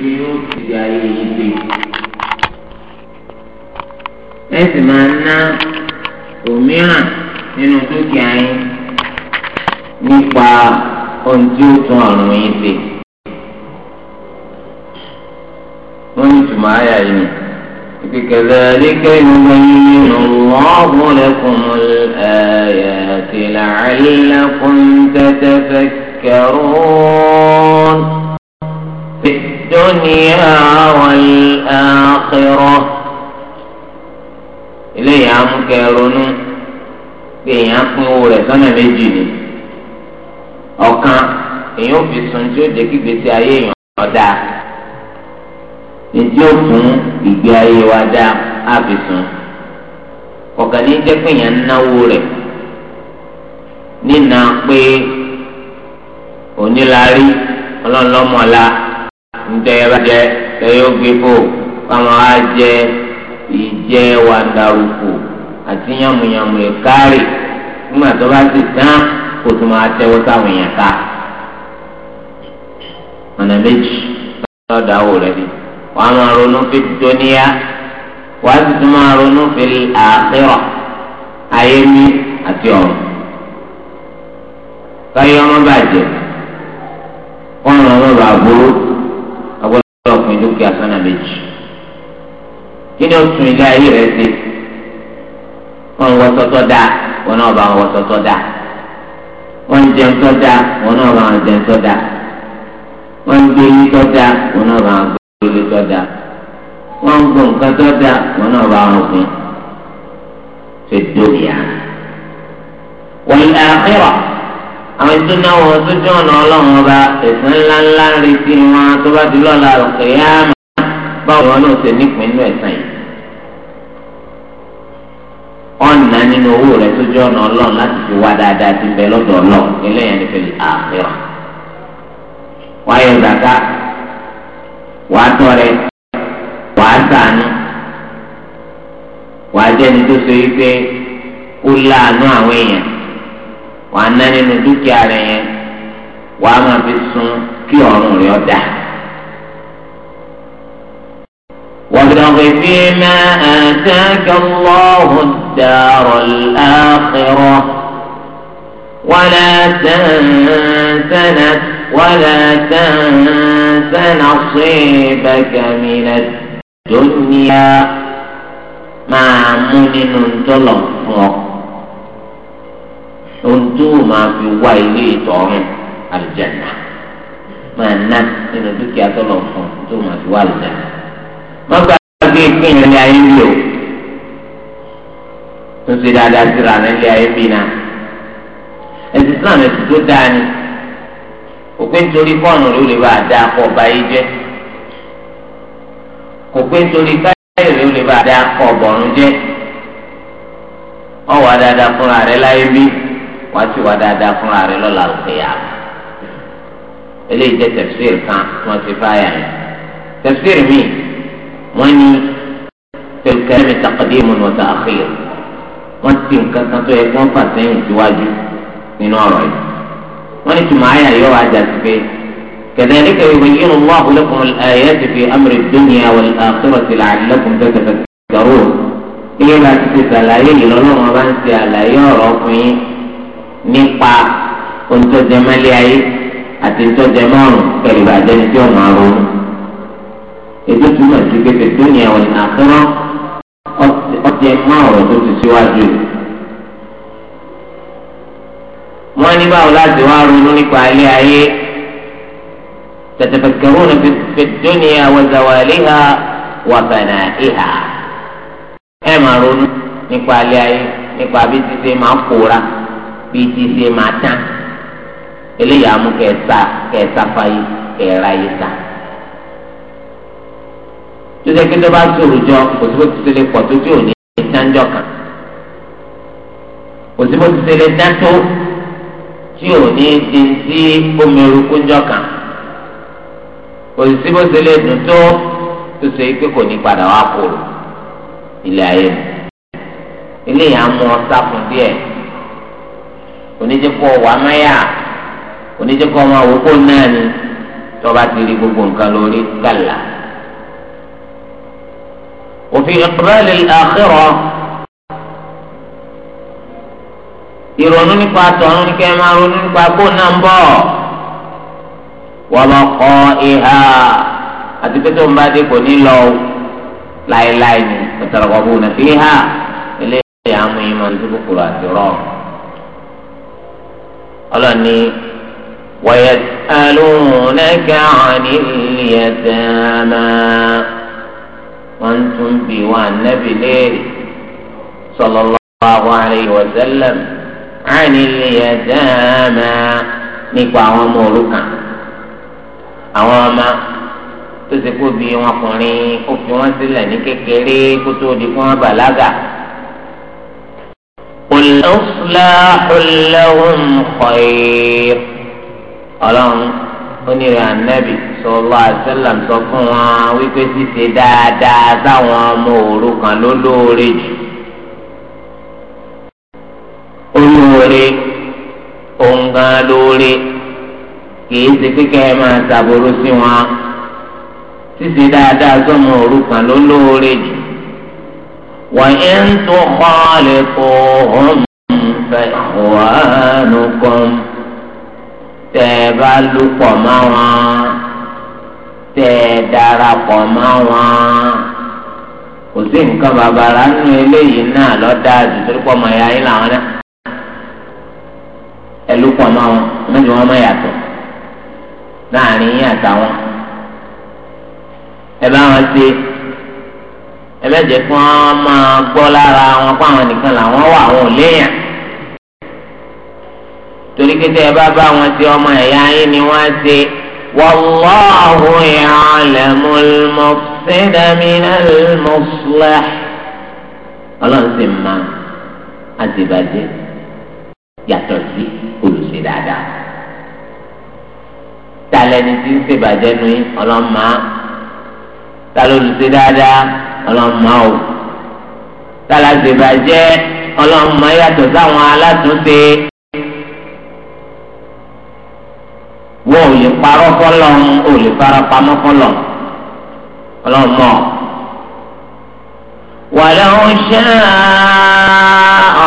tí yóò ti di ayé yìí gbé ẹ sì máa ná òmíràn nínú dúkìá yín nípa ohun tí ó tún ọ̀run yín ṣe. wọ́n ní ìtumọ̀ ayà yìí ni كذلك يبين الله لكم الآيات لعلكم تتفكرون الدنيا والآخرة إليه عم كارون في عم أولى سنة لجيني أو كان èèyàn fi sùn tí ó jẹ́ kí gbèsè ó fún ìgbé ayé wa dá á ọ̀gá ní jẹ́ pé náwó Ndị tẹ̀yẹ̀gbẹ́fò káwọn á jẹ ìjẹ wàndàrúkù àti yàmùyàmù ẹ̀kárì nígbà tó bá ti dán kó tó sáwọn èèyàn ká. ọ̀nà méjì lọ́dọ̀ àwò rẹ̀ wàá ronú fi wàá sì tún ronú fi àti káyọ̀ ọmọ bàjẹ́ ọmọ bàbúrò. kí ni ó tún ilé ayé rẹ ṣe wọn wọ sọtọ dá wọn náà bá wọn wọ sọtọ dá wọn jẹun tọ dá wọn náà bá wọn jẹun tọ dá wọn gbé ilé tọ dá wọn náà bá wọn gbé ilé tọ dá wọn ń nǹkan tọ dá wọn náà bá wọn gbìn ṣe dóríyà wọn ilé àkẹrọ àwọn ètò náà wọn tó jọ ọ̀nà ọlọ́run ọba ẹ̀sán ńláńlá ń retí wọn tó bá di lọ́la ọ̀kẹ́yàmù. báwo náà ṣe nípìn inú ẹ̀sán yìí ọ̀nà nínú owó rẹ̀ tó jẹ́ ọ̀nà ọlọ́run láti fi wá dáadáa ti bẹ lọ́dọ̀ ọlọ́run eléyàn ní fẹ́lẹ̀ àfẹ́ràn wáyé wàá wàá wàá jẹ́ni tó so láàánú àwọn èèyàn wàá ná nínú dúkìá yẹn wàá máa fi sun kí ọ̀run فيما آتاك الله الدار الآخرة ولا تنس ولا تنس نصيبك من الدنيا مع من تلقى أنتما في ويلي طعم الجنة مع الناس إن الدنيا تلقى أنتما في ويلي ما nílé ayé ń lò tó ṣe dáadáa síra nílé ayé ń bì náà ẹ̀sìn Islam ẹ̀sìn tó dáa ni òpin torí kọ́ọ̀nù ló lè bá a dáa kọ́ ọba yìí jẹ́ òpin torí káyọ̀ ló lè bá a dáa kọ́ ọ̀bọ̀rún jẹ́ ọ̀wà dáadáa fúnra rẹ̀ láyé bí wàá sì wà dáadáa fúnra rẹ̀ lọ́la òkè yàrá eléyìí jẹ́ tẹ̀síìrì kan tí wọ́n ti fáyà yẹn tẹ̀síìrì míì wọ́n ní. في الكلام تقديم وتأخير wọ́n ti nǹkan kan tó yẹ kí wọ́n fà sẹ́yìn síwájú nínú ọ̀rọ̀ yìí wọ́n ní tùmọ̀ ayé àyọ̀ wa jà sí pé كذلك يبين الله لكم الآيات في أمر الدنيا والآخرة لعلكم تتفكرون ilé bá ti ṣe ṣàlàyé yìí lọ́lọ́run bá ń ṣe àlàyé ọ̀rọ̀ fún yín nípa ontọ́jẹmọ́lé ayé àti ntọ́jẹmọ́rùn pẹ̀lú tí ọ̀nà àrùn. ètò túmọ̀ sí pé jẹ mọ́ ọ̀rọ̀ tó ti síwájú yìí. wọ́n ní báwo láti wá ronú nípa ilé ayé tẹ̀tẹ̀fẹ̀kẹ̀rún fi dúnìá wàzàwàlíhà wàbànàíhà. ẹ máa ronú nípa ilé ayé nípa bí ti ṣe máa pòórá bí ti ṣe máa tán eléyìí àmú kẹsà kẹsà fàyè kẹrà yìí sà tó jẹ́ pé tó bá sòrò jọ kò tó ti tẹ̀lé pọ̀ tó tí ò ní ìtànjọ kan òsibó ti ṣe lè dátó tí ò ní di sí omi orúkú ńjọ kan òsibó ti lè dùn tó tó ṣe pé kò ní padà wá kúrò ilé ayé mi eléyìí á mú ọ sáfún díẹ̀ onídjẹkọ wà máyà onídjẹkọ máa wò kó náà ni tọba ti rí gbogbo nǹkan lórí kàlà. وفي إقبال الآخرة ìrònú nípa tọ̀run ní kẹ́ máa ronú nípa kó náà ń bọ̀ wọ́n bá kọ́ ìhà àti pé tó ń bá dé kò ní lọ láéláé ni ìtàràkọ̀bù nà fi hà eléyìí àmú yìí máa ń dúró kúrò àti rọ̀ ọlọ́ni wọ́yẹ̀ alóhùn náà kẹ́ àwọn àníyàn tẹ́ ẹ máa wọ́n ń tún bí wọn ànábì léèrè sallallahu alayhi wa sallam anil yatama nípa àwọn ọmọ òrukàn àwọn ọmọ tó ti kó bí wọn kùnrin ó fi wọn sílẹ̀ ní kékeré kó tó di fún wọn bàlágà. qul islahun lahum ọlọ́run onírè ànábì sallallahu alaihi wasallam sọ fún wọn wípé ṣíṣe dáadáa sáwọn ọmọ òrukàn ló lóore jù olóore òǹgàn lóore kìí ṣe kíkẹ́ máa ṣàbòrò sí wọn ṣíṣe dáadáa sọmọ òrukàn ló lóore jù wọ́n ń tún kọ́ lè kó òun fẹ́ wàánu kan. tẹ́ ẹ bá pọ̀ mọ́ wọn tẹ́ ẹ darapọ̀ mọ́ wọn kò sí nǹkan bàbàrà nínú eléyìí náà lọ́dà àdùtúrú pọ̀ mọ́ ẹ̀yà yín làwọn náà ẹ pọ̀ mọ́ wọn mẹ́jọ wọn mọ́ yàtọ̀ láàrin yín àtàwọn ẹ bá wọn ṣe ẹ bẹ́ẹ̀ jẹ́ kí wọ́n máa gbọ́ lára wọn àwọn nìkan làwọn wà torí kété ẹ bá bá wọn ṣe ọmọ ẹ̀yà yín ni wọ́n ṣe wallahu ya'lamul mufsida minal muslih ọlọ́run sì mọ àtìbàjẹ́ yàtọ̀ sí olùṣe dáadáa talẹ́ni tí ń ṣèbàjẹ́ nu yín ọlọ́mọ talolùṣe dáadáa ọlọ́mọ o talàṣèbàjẹ́ ọlọ́mọ yàtọ̀ sáwọn alátúnṣe. wọn ò lè parọ́ fọlọ́run ò lè fara pamọ́ fọlọ́run ọlọ́run mọ́ ولو شاء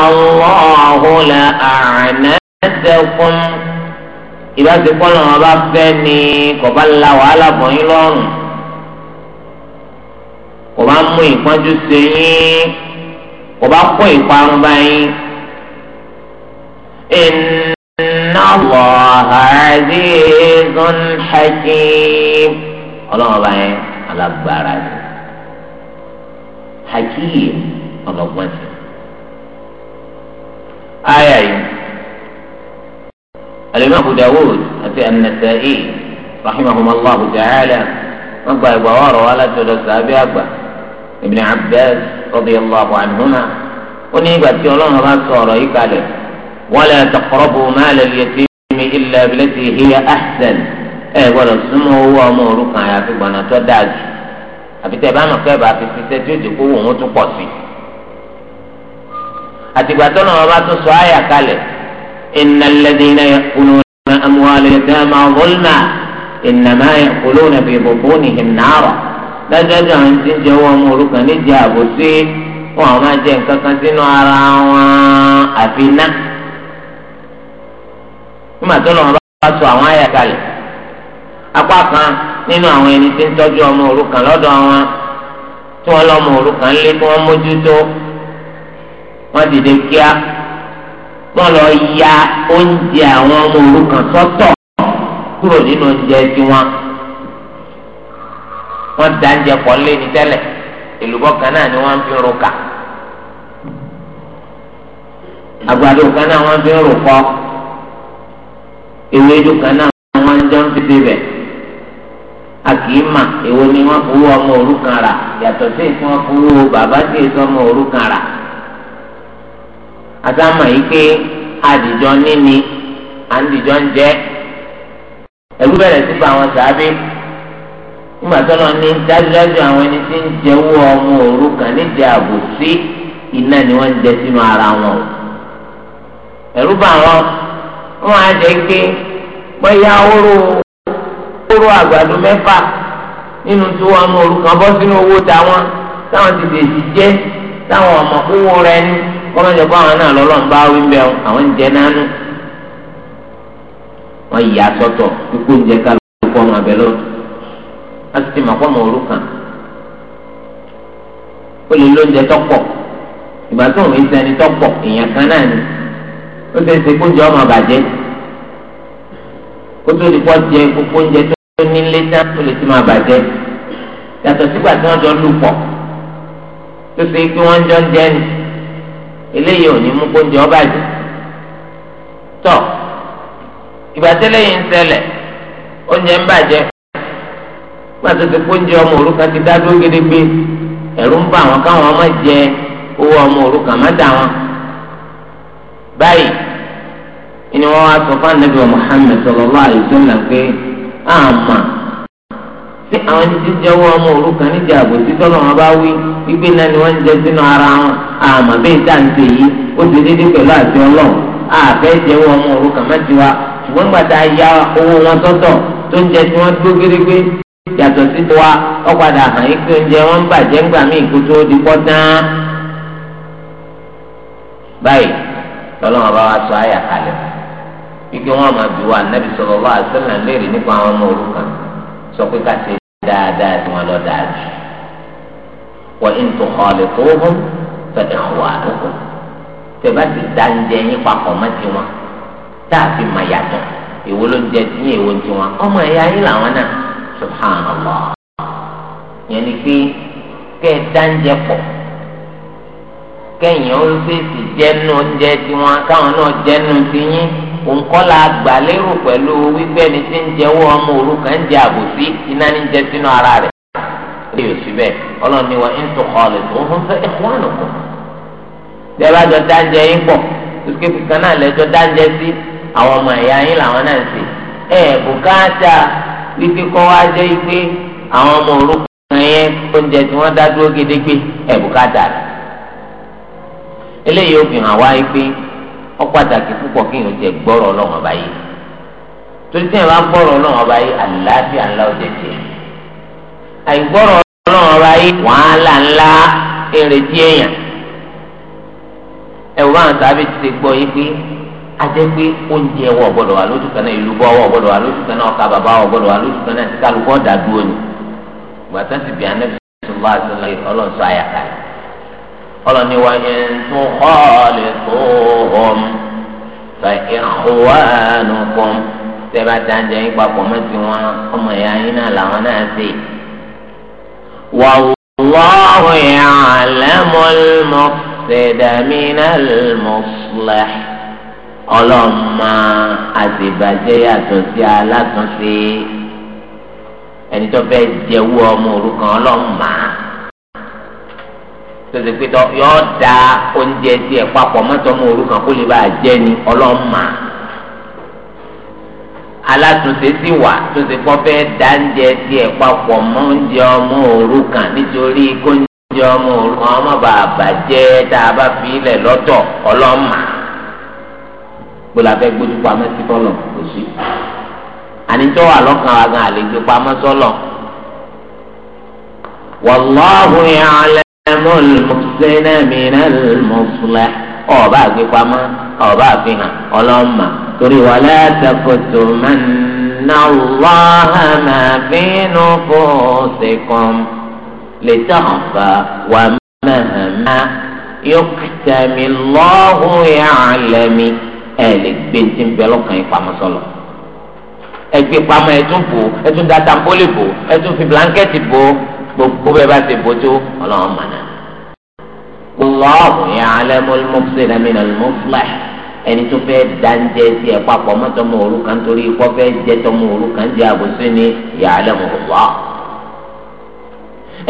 الله لأعنتكم ìbá ti kọ́ lọ́nà bá fẹ́ ni kò bá la wàhálà bọ̀ yín lọ́rùn kò bá mú ìpọ́njú sí yín kò bá kó ìparun bá yín. inna Allaha aziz azizun hakim ọlọ́run ọba yẹn alágbára ni hakim ọlọ́gbọ́n sí. aya yìí alimami abu dawud àti an-nasa'i rahimahumallahu ta'ala wọn gba ìgbà wọrọ wa láti ọ̀dọ̀ sàbí àgbà ibn abbas radiyallahu anhuma ó ní ìgbà tí ọlọ́run bá sọ ọ̀rọ̀ wala taqrabu mal al yatimi illa billati hiya ahsan ẹ gbọ́dọ̀ súnmọ́ owó ọmọ òrukàn àyàfi gbọ̀nà tó dáa jù àfi tẹ bá mọ̀kẹ́ bá fi ṣiṣẹ́ tí ó di kó wòun tún pọ̀ sí. àtìgbà tó náà bá tún sọ àyà kalẹ̀ innal ladhina ya'kuluna amwala al-yatama zulman innama ya'kuluna fi butunihim nara dájọ́jọ́ àwọn tí ń jẹ owó ọmọ òrukàn níjẹ́ àbòsí wọn àwọn máa jẹ nǹkan kan sínú ara wọn àfi náà. nígbà tó lọ́wọ́ bá sọ àwọn àyà kalẹ̀ apá kan nínú àwọn ẹni tí ń tọ́jú ọmọ òrukàn lọ́dọ̀ wọn tí wọ́n lọ́mọ òrukàn lé kí wọ́n mójútó wọ́n dìde kíá wọ́n lọ ya oúnjẹ àwọn ọmọ òrukàn sọ́tọ̀ kúrò nínú oúnjẹ tiwọn wọ́n da oúnjẹ pọ̀ lé tẹ́lẹ̀ ewé eduka kan náà wọ́n ń jẹun títí bẹ̀ a kì ni wọ́n fowó ọmọ òrukàn rà yàtọ̀ sí èyí tí bàbá sí èyí ọmọ òrukàn rà àtàmà yìí pé àdìjọ níní àdìjọ ń jẹ ẹ̀rù bẹ̀rẹ̀ sí bá àwọn sàábé nígbà tó lọ ní dájúdájú àwọn ẹni tí ń ni ń jẹ ara wọn wọn á jẹ́ pé bóyá oró oró àgbàdo mẹ́fà nínú tí wọ́n mú olùkàn sínú owó táwọn táwọn ti dèjì jẹ́ táwọn ọmọ owó rẹ ní jẹ́ pé àwọn náà lọ́lọ́run bá wí àwọn ń jẹ nánú wọn yà sọ́tọ̀ ikú ń jẹ kálukú ọmọ abẹ a sì ti mọ̀ pọ́ mọ̀ olùkàn lóúnjẹ tọpọ, ìgbà tó ń sẹni èèyàn kan náà ó ṣe é ṣe kóúnjẹ ọmọ bàjẹ́ kó tó di pọ́ jẹ gbogbo oúnjẹ tó ní ilé tán tó lè ti máa bàjẹ́ yàtọ̀ sígbà tí wọ́n jọ lù pọ̀ tó ṣe pé wọ́n jọ ń jẹ́ ni eléyìí ò ní mú kóúnjẹ ọ bàjẹ́ tọ́ ìgbàtẹ́lẹ̀ yìí ń ṣẹlẹ̀ oúnjẹ ń bàjẹ́ gbàtọ́ ti kóúnjẹ ọmọ òrukàn ti dá dúró gédégbé ẹ̀rù ń bà wọn káwọn ọmọ jẹ owó ọmọ òrukàn má dà wọn. báyìí ni wọ́n wá sọ fún anabi muhammed sallallahu alaihi wasallam pé àmà tí àwọn ti jẹ́wọ́ ọmọ òrukàn níjà àbòsí tọ́lọ̀ wọn bá wí wípé náà ni wọ́n ń jẹ sínú ara wọn àmà bẹ́ẹ̀ tá à ń ṣe yìí ó ti dédé pẹ̀lú àti ọlọ́run àfẹ́ jẹ́wọ́ ọmọ òrukàn mẹ́tiwa ṣùgbọ́n gbàtà ya owó wọn sọ́tọ̀ tó ń jẹ tí wọ́n tó gírígbé yàtọ̀ sí ó padà hàn yín pé oúnjẹ wọn ń di lọ́lọ́wọ́n bá wá sọ àyà kalẹ̀ wípé wọ́n máa bí wa nábì sallallahu alaihi wasallam léèrè nípa àwọn ọmọ òrukàn sọ pé ká ṣe dáadáa tí wọ́n lọ dáa jù wa in tukhaliquhum fa ikhwanukum tẹ̀bá ti dá yín papọ̀ mọ́ tiwọn tá a fi mà yàtọ̀ èwo ló ń jẹ tí yín èwo tiwọn ọmọ ẹ̀yà yín làwọn náà subhanallah yẹn ni pé kẹ́ ẹ pọ̀ kẹ́yìn ó ṣèṣì jẹ́nu oúnjẹ tiwọn káwọn náà jẹ́nu tiyín òǹkọ́lá gbàlérò pẹ̀lú wípé ẹni tí ń jẹ́wọ́ ọmọ iná ní jẹ ara rẹ̀ yóò ọlọ́run ni wọ́n ń tó kọ́ọ̀lù tó ń fẹ́ ẹ̀kọ́ àná bí ẹ bá jọ dáńjẹ yín pọ̀ ń sè bùkátà wípé kọ́ wá jẹ́ wípé àwọn ọmọ yẹn eléyìí ó fi hàn wá pé ó pàtàkì púpọ̀ kí èèyàn jẹ gbọ́rọ̀ ọlọ́run ọba yìí torí tí èèyàn bá gbọ́rọ̀ ọlọ́run ọba yìí àlàáfíà ńlá ó jẹjẹ àìgbọ́rọ̀ ọlọ́run ọba yìí wàhálà ńlá èrèdí èèyàn ẹ̀wọ̀n àwọn sábẹ́ ti ṣe gbọ́ yìí wà kan náà ìlú wà kan náà ọlọ́ni wa ẹ̀ńtú kọ́ọ̀lì tó hom fa ìhùwánu kọ́m tẹ́lá dáńjẹ́ yín papọ̀ mẹ́tì wọn ọmọ ìyá yín náà làwọn náà ṣe. والله يعلم المفسد من المصلح ọlọ́mọ àtìbàjẹ́ yàtọ̀ sí alátúnṣe ẹni tó fẹ́ jẹ́wọ́ ọmọ òrukàn ọlọ́mọ tòṣe pé yọ da oúnjẹ tiẹ̀ papọ̀ mọ́tọ́ mọ́ orúkọ kó lè bá a jẹ́ ni ọlọ́mà alátúnṣe sì wà tó ṣe kọ́ fẹ́ da oúnjẹ tiẹ̀ papọ̀ mọ́ oúnjẹ ọmọ orúkọ nítorí kó oúnjẹ ọmọ orúkọ ọmọ bàbà jẹ́ tá a bá fi ilẹ̀ lọ́tọ̀ ọlọ́mà gbọ́dọ̀ abẹ́ gbójú pamọ́ sí fọlọ́ kò sí ànitọ́ wà lọ́kàn wa gan àlejò pamọ́ sọ́lọ́ wàlláhu yàrá ẹ̀mọ́ lùmọ̀sẹ́nà mìíràn lùmọ̀fúlà ọba àgbépamọ́ ọba àfihàn ọlọ́mà torí wà látàkùtù mẹ́nà wàhà máa bínú fòsìkùn lè tàkà wà mẹ́hàmá yọkùtàmí lọ́hùn yàlẹ́mí ẹ̀ lè gbé tí ń bẹ lọ́kàn yín pamọ́ sọ́lọ́ ẹgbẹ́ pamọ́ ẹ̀tún bò ẹ̀tún dàtàmbólè bò ẹ̀tún fi blankẹ́tì bò gbogbo bẹ́ẹ̀ bá ti bójú ọlọ́run mọ̀nà. Allahu ya'lamul mufsida minal muslih ẹni tó fẹ́ dáńjẹ́ sí ẹ papọ̀ mọ́tọ́mọ́ òrukàn torí ikọ́ fẹ́ jẹ́ tọmọ òrukàn jẹ́ àbòsí ni ya'lamu Allah.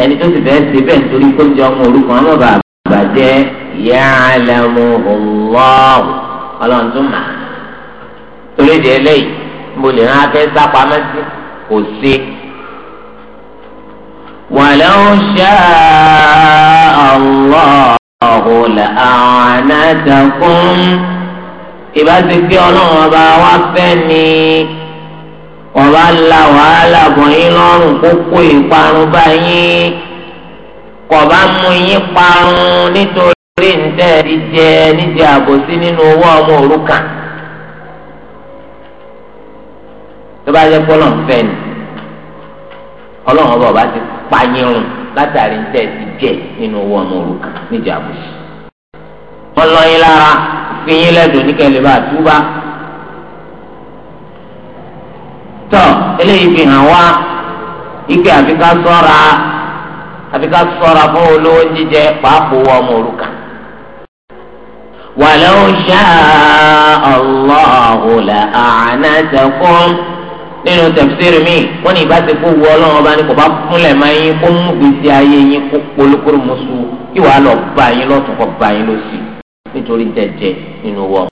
ẹni tó ti fẹ́ ṣe bẹ́ẹ̀ nítorí kó jẹ́ ọmọ òrukàn ọmọ bàbá jẹ́ ya'lamu Allah ọlọ́run tó mà. torí ìdí ẹlẹ́yìí mo lè rán afẹ́ sápamẹ́sí kò sí. ولو شاء الله لأعنتكم ìbá ti fi ọlọ́run ọba wá fẹ́ ni ọba la wàhálà bọ̀ yín lọ́rùn kókó ìparun bá yín kọ̀ọ̀bá mú yín parun nítorí ǹtẹ́ ti jẹ níjẹ àbòsí nínú owó ọmọ òrukàn tó bá yẹ kó lọ́n fẹ́ ni ọlọ́run ọba ọba ti pààyàn látàrí ń tẹ̀ ti jẹ nínú owó ọmọ òrùka níjà àbùsù. wọ́n lọ yín lára fi yín lẹ́dùn ní kẹlẹ́ bá túbá. tọ́ eléyìí fi hàn wá ike àfi ká sọ́ra àfi sọ́ra fún olówó jíjẹ pàápàá owó ọmọ òrùka. wàlẹ́ òun ọlọ́ọ̀hùn làánà tẹ̀kọ́ nínú tẹ̀síìrì mi wọ́n ní ìbáṣe kó wu ọlọ́run ọba ní kò bá fúnlẹ̀ máa yín kó mú gbèsè ayé yín kó polúkúrú mọ́sù kí wàá lọ bá yín lọ́tún kọ́ bá yín lọ́sì nítorí jẹjẹ nínú wọ́n.